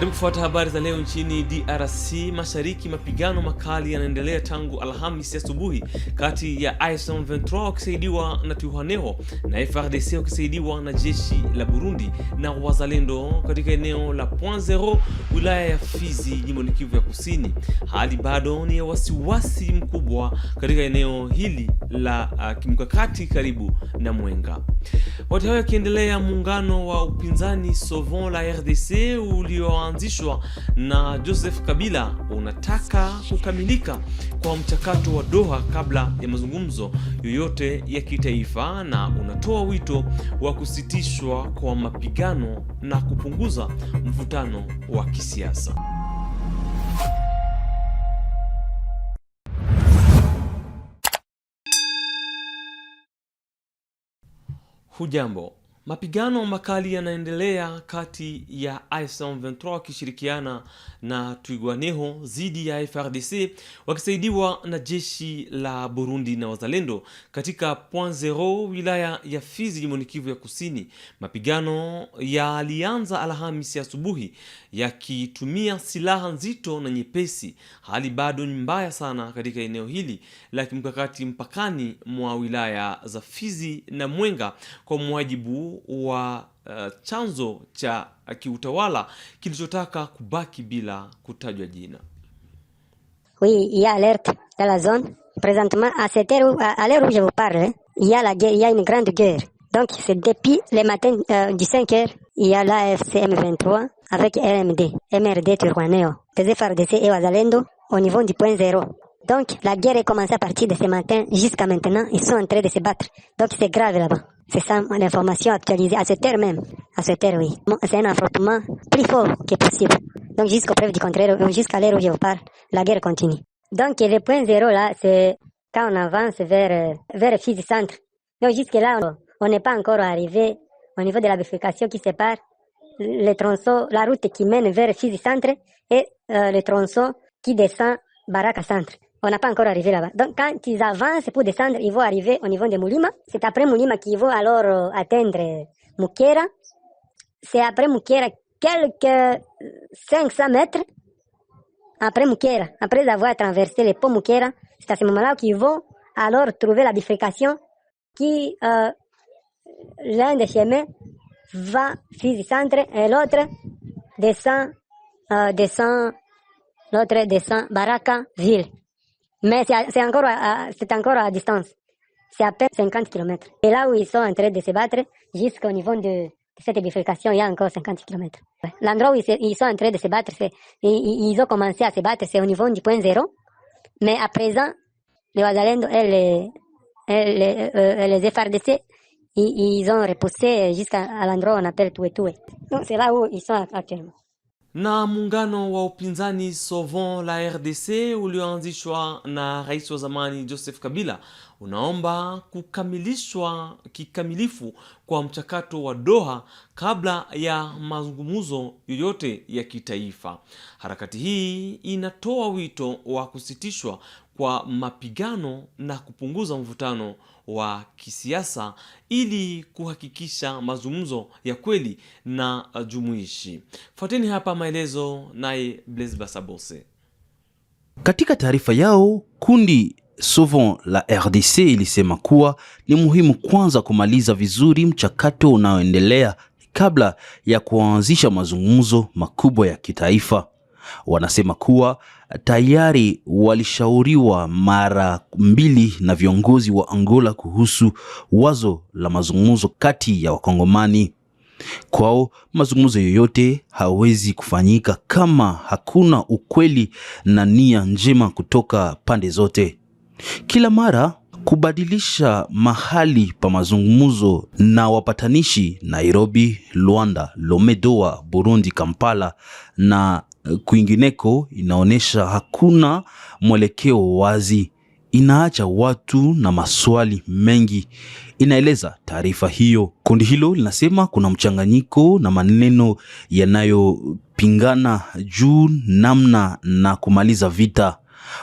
Karibu kufuata habari za leo nchini DRC Mashariki. Mapigano makali yanaendelea tangu alhamis asubuhi kati ya M23 wakisaidiwa na Twirwaneho na frdc wakisaidiwa na jeshi la Burundi na wazalendo katika eneo la Point Zero, wilaya ya Fizi, jimboni Kivu ya Kusini. Hali bado ni ya wasiwasi mkubwa katika eneo hili la uh, kimkakati karibu na Mwenga. Wakati hayo yakiendelea, muungano wa upinzani sovon la RDC ulio ulioanzishwa na Joseph Kabila unataka kukamilika kwa mchakato wa Doha kabla ya mazungumzo yoyote ya kitaifa na unatoa wito wa kusitishwa kwa mapigano na kupunguza mvutano wa kisiasa. Hujambo. Mapigano makali yanaendelea kati ya M23 wakishirikiana na Twigwaneho dhidi ya frdc wakisaidiwa na jeshi la Burundi na wazalendo katika Point Zero, wilaya ya Fizi, jimboni Kivu ya Kusini. Mapigano yalianza Alhamisi asubuhi ya yakitumia silaha nzito na nyepesi. Hali bado ni mbaya sana katika eneo hili la kimkakati mpakani mwa wilaya za Fizi na Mwenga kwa mwajibu wa eh, chanzo cha kiutawala kilichotaka kubaki bila kutajwa jina. Oui, il y a alerte dans la zone. Présentement, à cette heure, l'heure où je vous parle, il y a la guerre, il y a une grande guerre. Donc, c'est depuis le matin euh, du 5 heures, il y a l'AFCM 23 avec RMD, MRD Turquanéo des et Wazalendo au niveau du point zéro. Donc, la guerre est commencée à partir de ce matin jusqu'à maintenant. Ils sont en train de se battre. Donc, c'est grave là-bas. C'est ça l'information actualisée à cette terre même. À cette terre, oui. C'est un affrontement plus fort que possible. Donc jusqu'au preuve du contraire, jusqu'à l'heure où je vous parle, la guerre continue. Donc le point zéro là, c'est quand on avance vers, euh, vers le du centre. Donc jusque-là, on n'est pas encore arrivé au niveau de la bifurcation qui sépare le tronçon, la route qui mène vers le du centre et euh, le tronçon qui descend Baraka centre on n'a pas encore arrivé là-bas. Donc quand ils avancent pour descendre, ils vont arriver au niveau de Moulima. C'est après Moulima qu'ils vont alors euh, atteindre Mukera. C'est après Mukera, quelques 500 euh, mètres après Mukera, après avoir traversé les ponts Mukera. C'est à ce moment-là qu'ils vont alors trouver la bifurcation qui, euh, l'un des chemins va s'y centre et l'autre descend, euh, descend, l'autre descend Baraka ville. Mais c'est encore, c'est encore à distance. C'est à peine 50 km. Et là où ils sont en train de se battre, jusqu'au niveau de, cette bifurcation, il y a encore 50 km. L'endroit où ils, sont en train de se battre, ils, ont commencé à se battre, c'est au niveau du point zéro. Mais à présent, les Wazalendo et les, et les, euh, ils, ont repoussé jusqu'à l'endroit où on appelle toué Donc c'est là où ils sont actuellement. na muungano wa upinzani sovon la RDC ulioanzishwa na rais wa zamani Joseph Kabila unaomba kukamilishwa kikamilifu kwa mchakato wa Doha kabla ya mazungumzo yoyote ya kitaifa. Harakati hii inatoa wito wa kusitishwa kwa mapigano na kupunguza mvutano wa kisiasa ili kuhakikisha mazungumzo ya kweli na uh, jumuishi. Fuateni hapa maelezo naye Blaise Basabose. Katika taarifa yao kundi Souvent la RDC ilisema kuwa ni muhimu kwanza kumaliza vizuri mchakato unaoendelea kabla ya kuanzisha mazungumzo makubwa ya kitaifa wanasema kuwa tayari walishauriwa mara mbili na viongozi wa Angola kuhusu wazo la mazungumzo kati ya Wakongomani. Kwao mazungumzo yoyote hawezi kufanyika kama hakuna ukweli na nia njema kutoka pande zote. Kila mara kubadilisha mahali pa mazungumzo na wapatanishi Nairobi, Luanda, Lomedoa, Burundi, Kampala na Eh, kwingineko inaonyesha hakuna mwelekeo wazi, inaacha watu na maswali mengi, inaeleza taarifa hiyo. Kundi hilo linasema kuna mchanganyiko na maneno yanayopingana juu namna na kumaliza vita.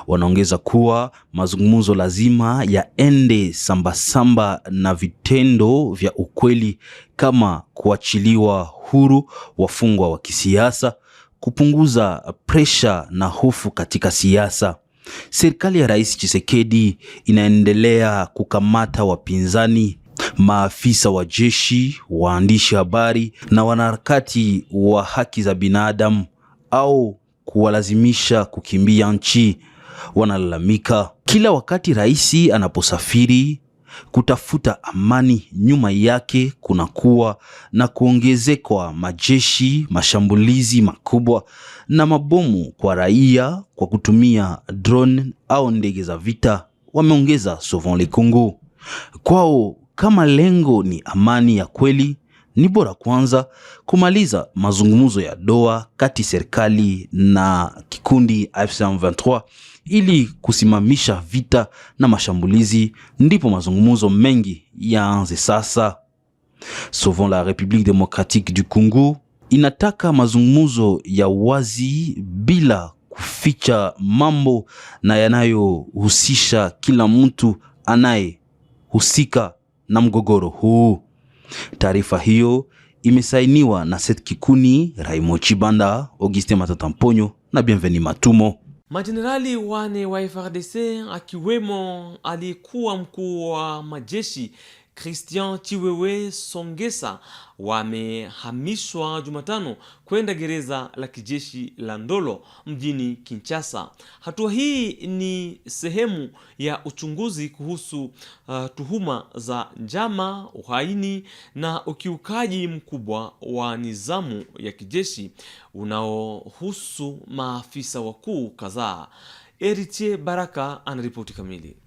Wanaongeza kuwa mazungumzo lazima yaende sambasamba na vitendo vya ukweli kama kuachiliwa huru wafungwa wa kisiasa kupunguza presha na hofu katika siasa. Serikali ya Rais Tshisekedi inaendelea kukamata wapinzani, maafisa wa jeshi, waandishi habari na wanaharakati wa haki za binadamu au kuwalazimisha kukimbia nchi. Wanalalamika kila wakati rais anaposafiri kutafuta amani, nyuma yake kunakuwa na kuongezekwa majeshi, mashambulizi makubwa na mabomu kwa raia kwa kutumia drone au ndege za vita, wameongeza Sovon lekungu Kwao kama lengo ni amani ya kweli, ni bora kwanza kumaliza mazungumzo ya Doha kati serikali na kikundi M23 ili kusimamisha vita na mashambulizi, ndipo mazungumzo mengi yaanze sasa. Sauvons la République démocratique du Congo inataka mazungumzo ya wazi bila kuficha mambo na yanayohusisha kila mtu anayehusika na mgogoro huu. Taarifa hiyo imesainiwa na Seth Kikuni, Raimo Chibanda, Auguste Matata Mponyo na Bienveni Matumo. Majenerali wane wa frdc akiwemo aliyekuwa mkuu wa majeshi Christian Chiwewe Songesa wamehamishwa Jumatano kwenda gereza la kijeshi la Ndolo mjini Kinshasa. Hatua hii ni sehemu ya uchunguzi kuhusu uh, tuhuma za njama, uhaini na ukiukaji mkubwa wa nizamu ya kijeshi unaohusu maafisa wakuu kadhaa. Eritie Baraka anaripoti kamili.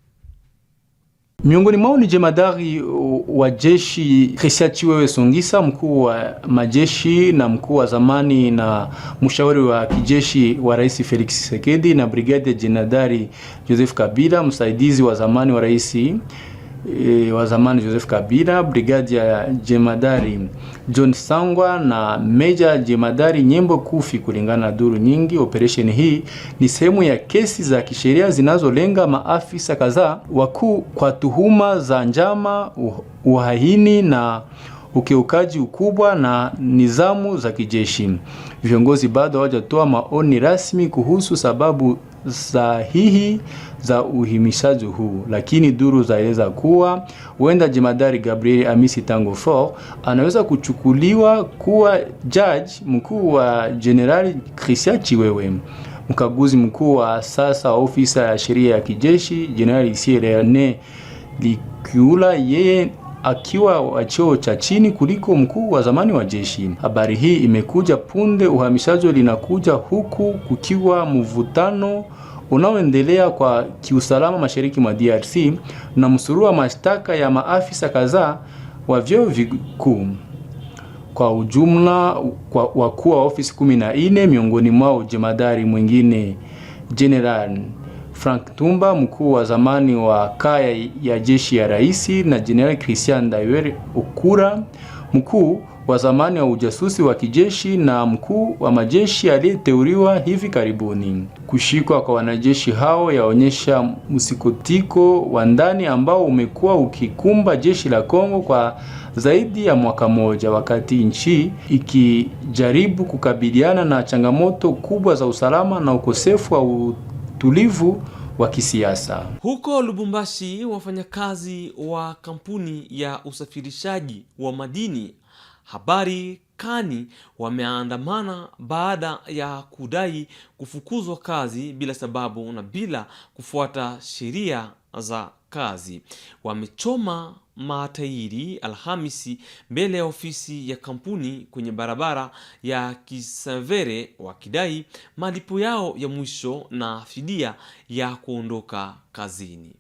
Miongoni mwao ni jemadari wa jeshi Christian Chiwewe Sungisa, mkuu wa majeshi na mkuu wa zamani na mshauri wa kijeshi wa Rais Felix Tshisekedi, na brigade jenadari Joseph Kabila, msaidizi wa zamani wa rais e, wa zamani Joseph Kabila, brigadi ya jemadari John Sangwa na meja jemadari Nyembo Kufi. Kulingana na duru nyingi, operesheni hii ni sehemu ya kesi za kisheria zinazolenga maafisa kadhaa wakuu kwa tuhuma za njama, uhaini na ukiukaji ukubwa na nizamu za kijeshi. Viongozi bado hawajatoa maoni rasmi kuhusu sababu sahihi za uhimishaji huu, lakini duru zaeleza kuwa huenda jemadari Gabriel Amisi Tango Fort anaweza kuchukuliwa kuwa judge mkuu wa General Christian Chiwewe. Mkaguzi mkuu wa sasa wa ofisa ya sheria ya kijeshi Jenerali Sierane Likiula, yeye akiwa wa cheo cha chini kuliko mkuu wa zamani wa jeshi. Habari hii imekuja punde uhamishaji linakuja huku kukiwa mvutano unaoendelea kwa kiusalama mashariki mwa DRC na msururu wa mashtaka ya maafisa kadhaa wa vyeo vikuu kwa ujumla wakuu wa ofisi kumi na miongoni mwao jemadari mwingine General Frank Tumba, mkuu wa zamani wa kaya ya jeshi ya rais, na Jenerali Christian Daiweri Okura, mkuu wa zamani wa ujasusi wa kijeshi na mkuu wa majeshi aliyeteuliwa hivi karibuni. Kushikwa kwa wanajeshi hao yaonyesha msikotiko wa ndani ambao umekuwa ukikumba jeshi la Kongo kwa zaidi ya mwaka moja, wakati nchi ikijaribu kukabiliana na changamoto kubwa za usalama na ukosefu wa utulivu wa kisiasa. Huko Lubumbashi, wafanyakazi wa kampuni ya usafirishaji wa madini Habari Kani wameandamana baada ya kudai kufukuzwa kazi bila sababu na bila kufuata sheria za kazi. Wamechoma Matairi Alhamisi mbele ya ofisi ya kampuni kwenye barabara ya Kisavere wakidai malipo yao ya mwisho na fidia ya kuondoka kazini.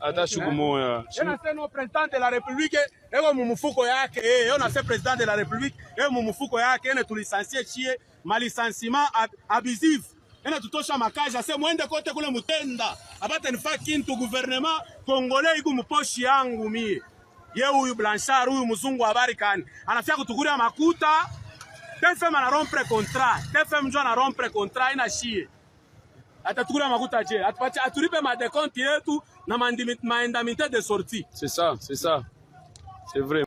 Ata shuku moya president mumufuko yake yo na president de la republique eko mumufuko yake eh, ene tulisansie chie malisansima abusif ena tutosha makazi ase mwende kote kule mutenda apate nifa kintu guvernema kongole iku muposhi yangu mie ye huyu Blanchard huyu mzungu habari kani anafia kutukuria makuta TFM ana rompre contrat TFM njo ana rompre contrat ina shie atatukuria makuta je atupache aturipe ma dekonti yetu na maendamite de sortie c'est ça c'est ça c'est vrai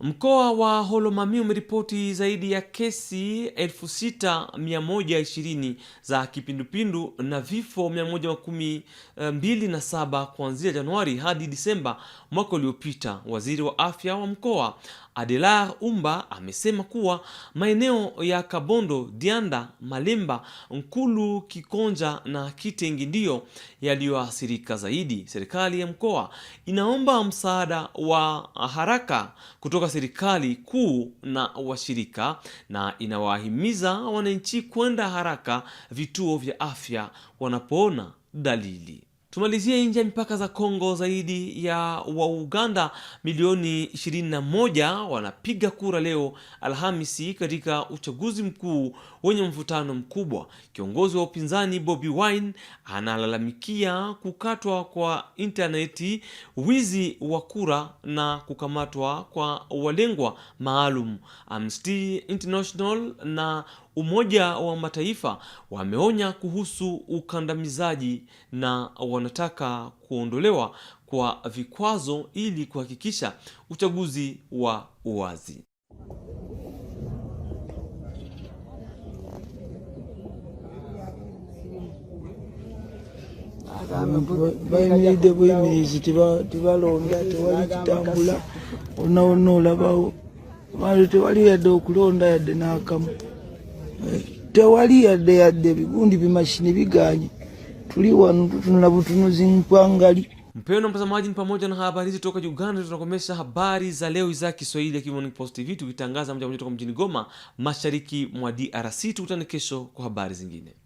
Mkoa wa Holomami umeripoti zaidi ya kesi 6120 za kipindupindu na vifo 127 eh, kuanzia Januari hadi Disemba mwaka uliopita. Waziri wa afya wa mkoa Adelar Umba amesema kuwa maeneo ya Kabondo, Dianda, Malemba, Nkulu, Kikonja na Kitengi ndiyo yaliyoathirika zaidi. Serikali ya mkoa inaomba msaada wa haraka kutoka serikali kuu na washirika na inawahimiza wananchi kwenda haraka vituo vya afya wanapoona dalili. Tumalizie nje ya mipaka za Kongo. Zaidi ya wa Uganda milioni 21 wanapiga kura leo Alhamisi katika uchaguzi mkuu wenye mvutano mkubwa. Kiongozi wa upinzani Bobi Wine analalamikia kukatwa kwa intaneti, wizi wa kura na kukamatwa kwa walengwa maalum. Amnesty International na Umoja wa Mataifa wameonya kuhusu ukandamizaji na wanataka kuondolewa kwa vikwazo ili kuhakikisha uchaguzi wa uwazi. bamiridde buyimirizi tebalonda tewali kitambula onaona olabawo tewali yadde okulonda yadde n'akamu tewali yadde yadde ebigundi bimashini biganye tuli wanu tutunula butunuzi mpangali Mpendwa mtazamaji, ni pamoja na habari hizi toka Uganda. Tunakomesha habari za leo za Kiswahili ya Morning Post TV, tukitangaza moja moja toka mjini Goma, mashariki mwa DRC. Tukutane kesho kwa habari zingine.